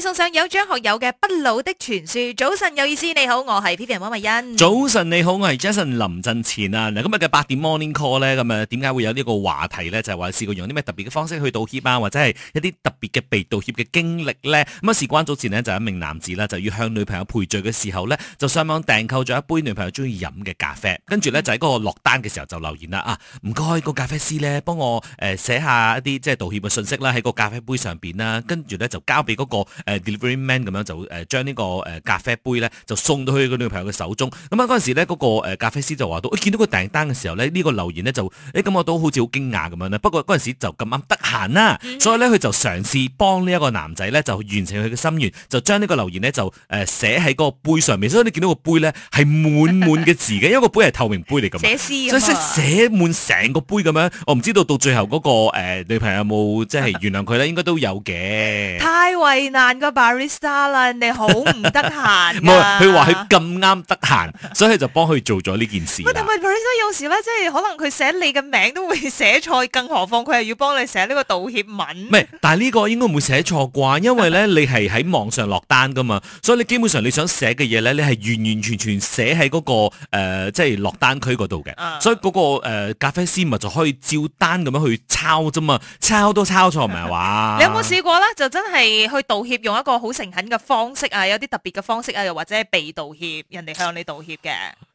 送上有張學友嘅《不老的傳說》。早晨有意思，你好，我係 Peter 溫慧欣。早晨你好，我係 Jason 林振前啊。嗱，今日嘅八點 morning call 咧，咁啊，點解會有呢個話題咧？就係話試過用啲咩特別嘅方式去道歉啊，或者係一啲特別嘅被道歉嘅經歷咧？咁啊，事關早前呢，就有一名男子啦，就要向女朋友賠罪嘅時候咧，就上網訂購咗一杯女朋友中意飲嘅咖啡，跟住咧就喺嗰個落單嘅時候就留言啦啊！唔該，個咖啡師咧，幫我誒寫下一啲即係道歉嘅信息啦，喺個咖啡杯上邊啦，跟住咧就交俾嗰個。誒、呃、delivery man 咁樣就誒、呃、將呢、這個誒、呃、咖啡杯咧就送到去佢女朋友嘅手中。咁啊，嗰陣時咧嗰、那個、呃、咖啡師就話到，誒、欸、見到個訂單嘅時候咧，呢、這個留言咧就誒咁、欸、我都好似好驚訝咁樣咧。不過嗰陣時就咁啱得閒啦，所以咧佢就嘗試幫呢一個男仔咧就完成佢嘅心願，就將呢個留言咧就誒、呃、寫喺個杯上面。所以你見到個杯咧係滿滿嘅字嘅，因為個杯係透明杯嚟㗎嘛， 所以先寫滿成個杯咁樣。我唔知道到最後嗰、那個女、呃 呃、朋友有冇即係原諒佢咧，應該都有嘅。太為難。個 barista 啦，人哋好唔得閒。唔係，佢話佢咁啱得閒，所以就幫佢做咗呢件事。喂，但係 barista 有時咧，即係可能佢寫你嘅名都會寫錯，更何況佢係要幫你寫呢個道歉文。唔係，但係呢個應該唔會寫錯啩？因為咧，你係喺網上落單噶嘛，所以你基本上你想寫嘅嘢咧，你係完完全全寫喺嗰個誒、呃，即係落單區嗰度嘅。所以嗰、嗰個誒、呃，咖啡師咪就可以照單咁樣去抄啫嘛，抄都抄錯唔係話？你有冇試過咧？就真係去道歉。用一個好誠懇嘅方式啊，有啲特別嘅方式啊，又或者被道歉，人哋向你道歉嘅。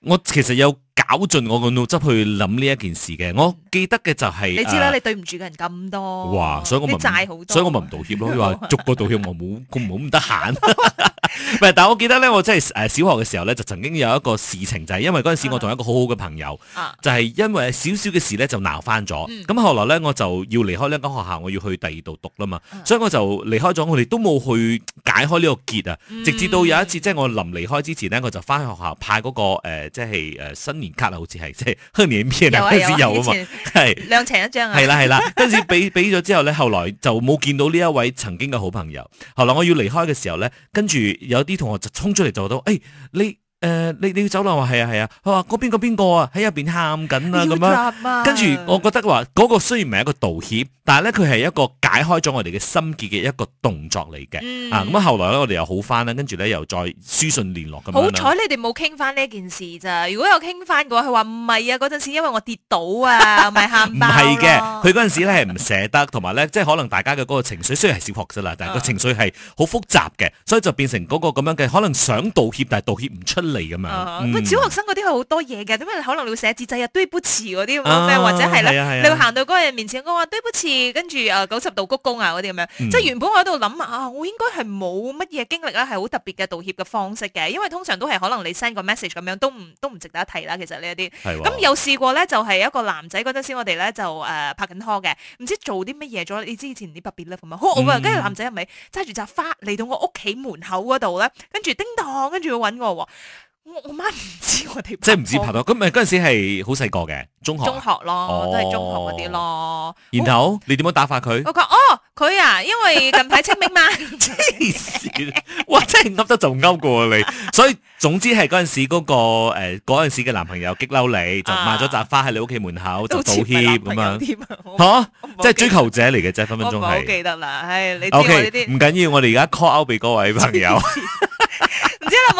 我其實有搞盡我個腦汁去諗呢一件事嘅。我記得嘅就係、是、你知啦，呃、你對唔住嘅人咁多，哇！所以我咪，債好多，所以我咪唔道歉咯。你話 逐個道歉，我冇咁好，咁得閒。 但我記得咧，我真係小學嘅時候咧，就曾經有一個事情，就係、是、因為嗰陣時我同一個好好嘅朋友，啊啊、就係、是、因為少少嘅事咧就鬧翻咗。咁、嗯、後來咧我就要離開呢間學校，我要去第二度讀啦嘛、嗯，所以我就離開咗。我哋都冇去解開呢個結啊、嗯，直至到有一次即係、就是、我臨離開之前咧，我就翻去學校派嗰、那個、呃、即係新年卡好似係即係年有，有，的有啊嘛，係兩一張啊，係啦係啦，跟住俾俾咗之後咧，後來就冇見到呢一位曾經嘅好朋友。後來我要離開嘅時候咧，跟住。有啲同學就衝出嚟就話到，誒，你。誒、呃，你你要走啦！我係啊，啊，係啊，佢話嗰邊個邊個啊，喺入邊喊緊啊，咁樣、啊。跟住我覺得話嗰、嗰個雖然唔係一個道歉，但係咧佢係一個解開咗我哋嘅心結嘅一個動作嚟嘅。咁、嗯、樣、啊嗯、後來咧我哋又好翻啦，跟住咧又再書信聯絡咁，好彩你哋冇傾翻呢件事咋，如果有傾翻嘅話，佢話唔係啊，嗰陣時因為我跌倒啊，唔係喊。唔係嘅，佢嗰陣時咧係唔捨得，同埋咧即係可能大家嘅嗰個情緒雖然係小學啫啦，但係個情緒係好複雜嘅，所以就變成嗰個咁樣嘅，可能想道歉但係道歉唔出。嚟噶嘛？個、嗯、小學生嗰啲係好多嘢嘅，點解可能你會寫字仔啊？對不起嗰啲咁樣咩？或者係咧、啊，你會行到嗰個人面前，我話對不起，跟住啊，九十度鞠躬啊嗰啲咁樣。即、嗯、係、就是、原本我喺度諗啊，我應該係冇乜嘢經歷咧，係好特別嘅道歉嘅方式嘅，因為通常都係可能你 send 個 message 咁樣，都唔都唔值得一提啦。其實呢一啲咁有試過咧，就係、是、一個男仔嗰陣時我呢，我哋咧就誒、呃、拍緊拖嘅，唔知做啲乜嘢咗？你知以前啲特別咧，係咪好啊？跟住男仔係咪揸住紮花嚟到我屋企門口嗰度咧？跟住叮當，跟住佢揾我喎。我我媽唔知我哋即係唔知拍拖咁，咪嗰陣時係好細個嘅中學中學咯，都係中學嗰啲咯。然後你點樣打發佢？嗰個哦，佢啊，因為近排清明嘛，黐線！哇，真係噏得就噏過你，所以總之係嗰陣時嗰個誒，嗰陣時嘅男朋友激嬲你，就買咗紮花喺你屋企門口，就道歉咁樣吓，即係追求者嚟嘅，即係分分鐘係。我記得啦，係，你知我呢啲唔緊要，我哋而家 call out 俾各位朋友。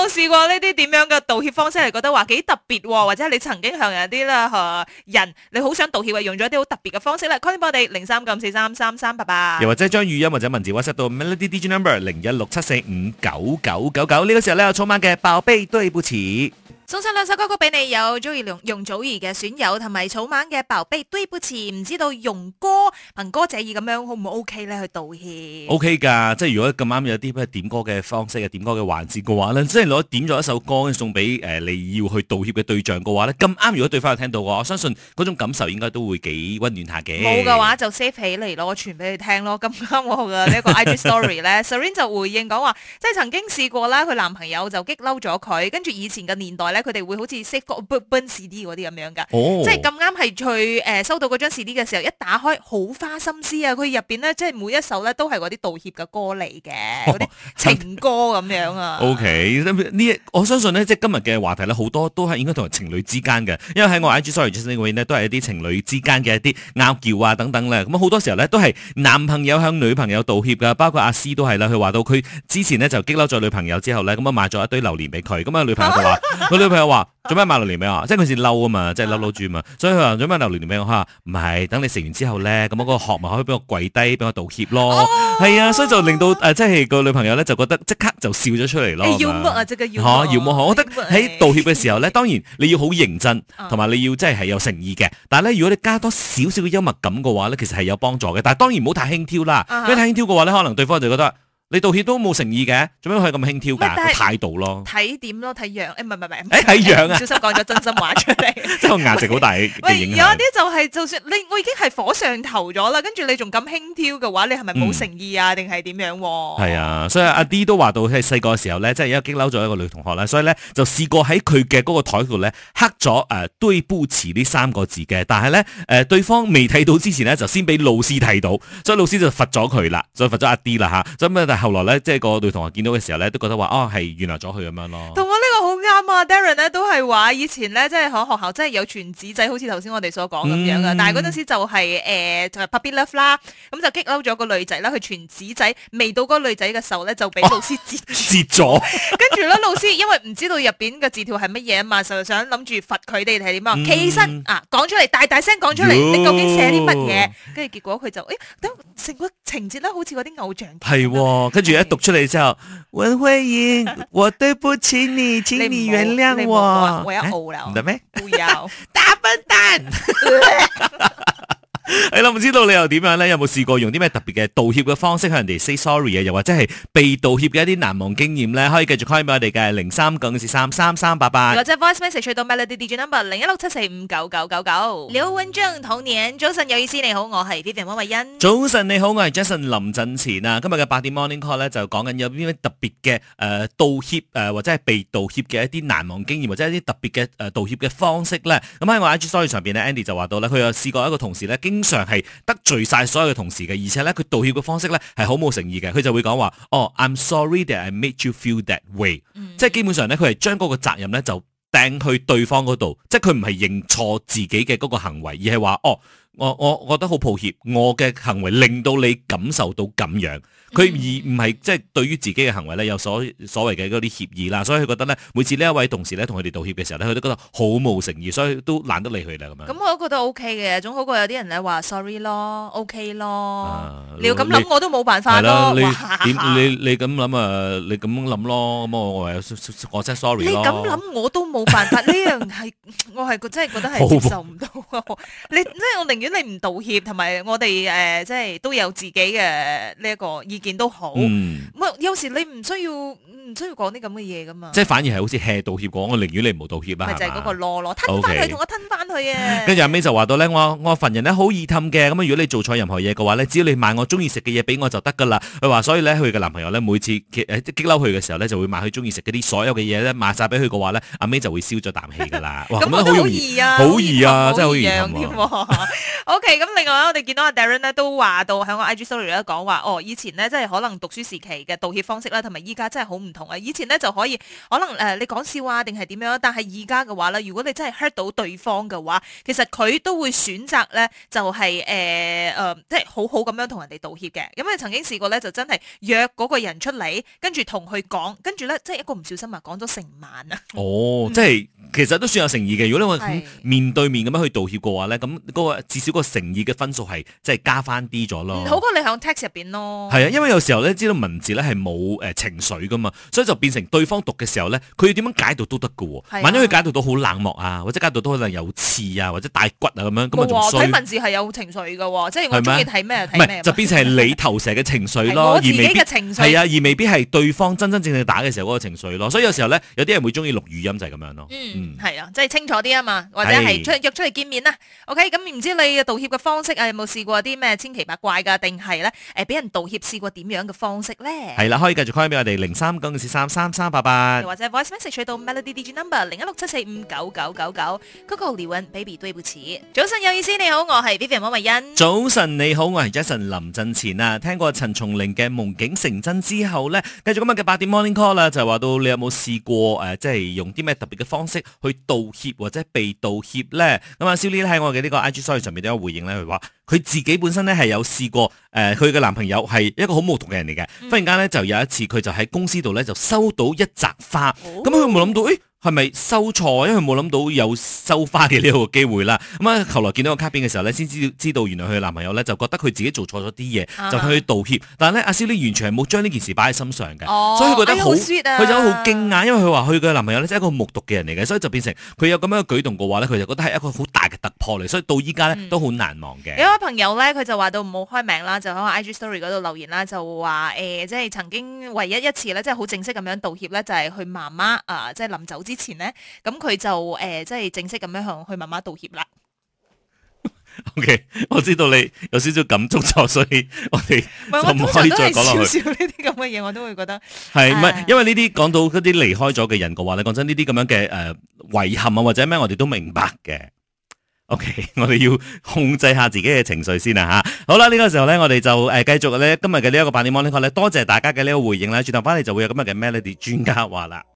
我試過呢啲點樣嘅道歉方式，係覺得話幾特別，或者係你曾經向人啲啦吓人，你好想道歉，或用咗啲好特別嘅方式啦。call 我哋零三九四三三三八八，又或者係將語音或者文字 WhatsApp 到 Melody DJ Number 零一六七四五九九九九。呢個時候咧，我坐埋嘅爆背對不起送上兩首歌曲俾你有，有 Joey 容容祖兒嘅損友，同埋草蜢嘅寶貝對不起，唔知道容哥、文哥借意咁樣，好唔好 OK 咧？去道歉？OK 噶，即係如果咁啱有啲咩點歌嘅方式、點歌嘅環節嘅話咧，即係攞點咗一首歌，送俾誒你要去道歉嘅對象嘅話咧，咁啱如果對方去聽到嘅話，我相信嗰種感受應該都會幾温暖下嘅。冇嘅話就 save 起嚟咯，我傳俾你聽咯。咁啱我嘅呢個 I G story 咧，Siren 就回應講話，即係曾經試過啦，佢男朋友就激嬲咗佢，跟住以前嘅年代。佢哋會好似 say g o o b y e 嘅啲嗰啲咁樣噶，哦、即係咁啱係去誒收到嗰張 CD 嘅時候，一打開好花心思啊！佢入邊咧，即係每一首咧都係嗰啲道歉嘅歌嚟嘅，嗰、哦、啲情歌咁、哦嗯、樣啊 okay。O K，呢我相信咧，即係今日嘅話題咧，好多都係應該同情侶之間嘅，因為喺我 I G sorry chat s e s s i o 都係一啲情侶之間嘅一啲拗撬啊等等咧。咁、嗯、好多時候咧都係男朋友向女朋友道歉噶，包括阿 C 都係啦。佢話到佢之前咧就激嬲咗女朋友之後咧，咁、嗯、啊買咗一堆榴蓮俾佢，咁、嗯、啊女朋友就話、啊女朋友話做咩買榴蓮俾我？即係佢時嬲啊嘛，即係嬲住豬嘛，所以佢話做咩買榴蓮俾我？我話唔係，等你食完之後咧，咁我個殼咪可以俾我跪低，俾我道歉咯。係啊，啊，所以就令到誒、呃，即係個女朋友咧就覺得即刻就笑咗出嚟咯。要乜啊，即、這、係、個、要幽、啊啊、我覺得喺道歉嘅時候咧，當然你要好認真，同、啊、埋你真的要真係係有誠意嘅。但係咧，如果你加多少少嘅幽默感嘅話咧，其實係有幫助嘅。但係當然唔好太輕佻啦。因為太輕佻嘅話咧，可能對方就覺得。你道歉都冇誠意嘅，做咩佢咁輕佻㗎？態度咯，睇點咯，睇樣誒，唔係唔係唔係，睇、哎、樣啊！小心講咗真心話出嚟，即係個顏值好大喂。喂，有啲就係、是，就算你我已經係火上頭咗啦，跟住你仲咁輕佻嘅話，你係咪冇誠意啊？定係點樣、啊？係啊，所以阿 D 都話到喺細個嘅時候咧，即係而家激嬲咗一個女同學啦，所以咧就試過喺佢嘅嗰個台度咧刻咗誒對唔住呢三個字嘅，但係咧誒對方未睇到之前咧，就先俾老師睇到，所以老師就罰咗佢啦，所以罰咗阿 D 啦嚇，咁後來咧，即係個女同學見到嘅時候咧，都覺得話啊，係、哦、原諒咗佢咁樣咯。啱啊、 yeah，Darren 咧都係話以前咧，即係可學校真係有傳紙仔，好似頭先我哋所講咁樣噶。但係嗰陣時就係誒，就係 puppy love 啦，咁就激嬲咗個女仔啦。佢傳紙仔未到嗰個女仔嘅時候咧，就俾老師截截咗。跟住咧，老師因為唔知道入邊嘅字條係乜嘢啊嘛，就想諗住罰佢哋定係點啊？企起身啊，講出嚟，大大聲講出嚟，你究竟寫啲乜嘢？跟住結果佢就誒，等成個情節咧，好似嗰啲偶像劇。係，跟住一讀出嚟之後，王菲燕。我對不起你，原你原諒我，哎、我要嘔了。不要， 大笨蛋！ 係 啦，唔知道你又點樣咧？有冇試過用啲咩特別嘅道歉嘅方式向人哋 say sorry 啊？又或者係被道歉嘅一啲難忘經驗咧？可以繼續 call 埋我哋嘅零三九二四三三三八八，或者 voice message 去到 Melody number 零一六七四五九九九九。廖永章，同年，早晨有意思，你好，我係 Vivian 温慧欣。早晨你好，我係 Jason 林振前啊。今日嘅八點 morning call 咧就講緊有啲咩特別嘅誒、呃、道歉誒、呃、或者係被道歉嘅一啲難忘經驗或者一啲特別嘅誒、呃、道歉嘅方式咧。咁喺我 IG story 上邊咧 Andy 就話到啦，佢又試過一個同事咧經常係得罪晒所有嘅同事嘅，而且咧佢道歉嘅方式咧係好冇誠意嘅，佢就會講話，哦、oh, I'm sorry that I made you feel that way，mm-hmm。即係基本上咧，佢係將嗰個責任咧就掟去對方嗰度，即係佢唔係認錯自己嘅嗰個行為，而係話，哦、oh, 我我覺得好抱歉，我嘅行為令到你感受到咁樣，佢而唔係即係對於自己嘅行為咧有所所謂嘅嗰啲協議啦，所以佢覺得咧每次呢一位同事咧同佢哋道歉嘅時候咧，佢都覺得好冇誠意，所以都懶得理佢啦咁樣。咁我都覺得 OK 嘅，總好過有啲人咧話 sorry 咯，OK 咯。啊、你要咁諗我都冇辦法咯。係啦，你點你咁諗啊？你咁諗咯，咁我我真講 sorry。你咁諗我都冇辦法，呢 樣係我係真係覺得係接受唔到。你即係我寧願。 如果你唔道歉，同埋我哋誒，即係都有自己嘅呢一個意見都好，嗯、有時你唔需要。唔需要講啲咁嘅嘢噶嘛，即係反而係好似吃道歉講，我寧願你冇道歉啊。咪就係嗰個囉囉吞翻去同、okay. 我吞翻去啊！跟、嗯、住阿 May 就話到咧，我我份人咧好易氹嘅，咁如果你做錯任何嘢嘅話咧，只要你買我中意食嘅嘢俾我就得噶啦。佢話所以咧，佢嘅男朋友咧每次激嬲佢嘅時候咧，就會買佢中意食嗰啲所有嘅嘢咧，買曬俾佢嘅話咧，阿 May 就會消咗啖氣噶啦。咁都好易啊，好易、啊、易啊，真係好易氹㗎。OK，咁另外我哋見到阿 Darren 咧都話到喺我 IG story 咧講話，哦，以前呢即係可能讀書時期嘅道歉方式啦，同埋依家真係好唔～同啊，以前咧就可以可能、呃、你講笑話定係點樣？但係而家嘅話咧，如果你真係 hurt 到對方嘅話，其實佢都會選擇咧，就係、是呃呃、即係好好咁樣同人哋道歉嘅。因為曾經試過咧，就真係約嗰個人出嚟，跟住同佢講，跟住咧即係一個唔小心啊，講咗成晚啊。哦， 即係其實都算有誠意嘅。如果你面對面咁樣去道歉嘅話咧，咁嗰、那個至少個誠意嘅分數係即係加翻啲咗咯。好過你喺 text 入邊咯。係啊，因為有時候咧，知道文字咧係冇呃情緒噶嘛。所以就變成對方讀嘅時候咧，佢要點樣解讀都得嘅。係、啊，萬一佢解讀到好冷漠啊，或者解讀到可能有刺啊，或者帶骨啊咁樣，咁就衰。睇文字係有情緒嘅，啊，即係我中意睇咩就睇咩。就變成係你投射嘅情緒咯。而 自己嘅情緒係啊，而未必係對方真真正正打嘅時候嗰個情緒咯。所以有時候咧，有啲人會中意錄語音就係咁樣咯。嗯，係、嗯、啊，即、就、係、是、清楚啲啊嘛，或者係約約出嚟見面啦。OK，咁唔知你道歉嘅方式啊，有冇試過啲咩千奇百怪嘅，定係咧誒俾人道歉試過點樣嘅方式咧？係啦，啊，可以繼續開俾我哋零三三三三八八，或者 voice message 去到 melody D G number 零一六七四五九九九九，Coco l e n Baby 對不起，早晨有意思你好，我係 Vivian 莫慧欣。早晨你好，我係 Jason 林振前啊。聽過陳松伶嘅《夢境成真》之後呢，繼續今日嘅八點 Morning Call 啦，就話到你有冇試過誒、呃，即係用啲咩特別嘅方式去道歉或者被道歉呢？咁、嗯、啊，小 L 喺我嘅呢個 IG story 上面都有回應呢，佢話佢自己本身呢係有試過誒，佢、呃、嘅男朋友係一個好無毒嘅人嚟嘅，忽然間呢，就有一次佢就喺公司度呢。就收到一紮花，咁佢冇諗到，誒、欸，係咪收錯？因為佢冇諗到有收花嘅呢個機會啦。咁啊，後來見到個卡片嘅時候咧，先知知道原來佢嘅男朋友咧就覺得佢自己做錯咗啲嘢，uh-huh. 就去道歉。但係咧，阿詩呢完全係冇將呢件事擺喺心上嘅，oh. 所以覺得好，佢就好驚訝，因為佢話佢嘅男朋友咧即係一個木獨嘅人嚟嘅，所以就變成佢有咁樣嘅舉動嘅話咧，佢就覺得係一個好大。突破嚟，所以到依家咧都好難忘嘅、嗯。有一位朋友咧，佢就話到唔好開名啦，就喺 IG Story 嗰度留言啦，就話誒、欸，即係曾經唯一一次咧，即係好正式咁樣道歉咧，就係佢媽媽啊，即係臨走之前咧，咁佢就誒、呃，即係正式咁樣向佢媽媽道歉啦。 o、okay, K，我知道你有少少感觸咗，所以我哋唔可以再講落去。少少呢啲咁嘅嘢，我都會覺得係唔係？因為呢啲講到嗰啲離開咗嘅人嘅話，你講真呢啲咁樣嘅誒遺憾啊，或者咩，我哋都明白嘅。ok 我哋要控制下自己嘅情緒先啦吓，好啦，呢、呢個時候咧，我哋就誒繼續咧，今日嘅呢一個八點 Morning Call 呢塊咧，多謝大家嘅呢個回應啦，轉頭翻嚟就會有今日嘅 melody 專家話啦。